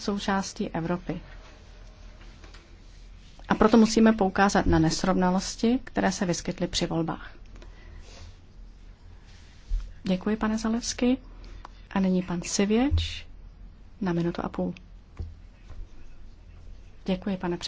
součástí Evropy. A proto musíme poukázat na nesrovnalosti, které se vyskytly při volbách. Děkuji, pane Zalevsky. A nyní pan Sivěč na minutu a půl. Děkuji, pane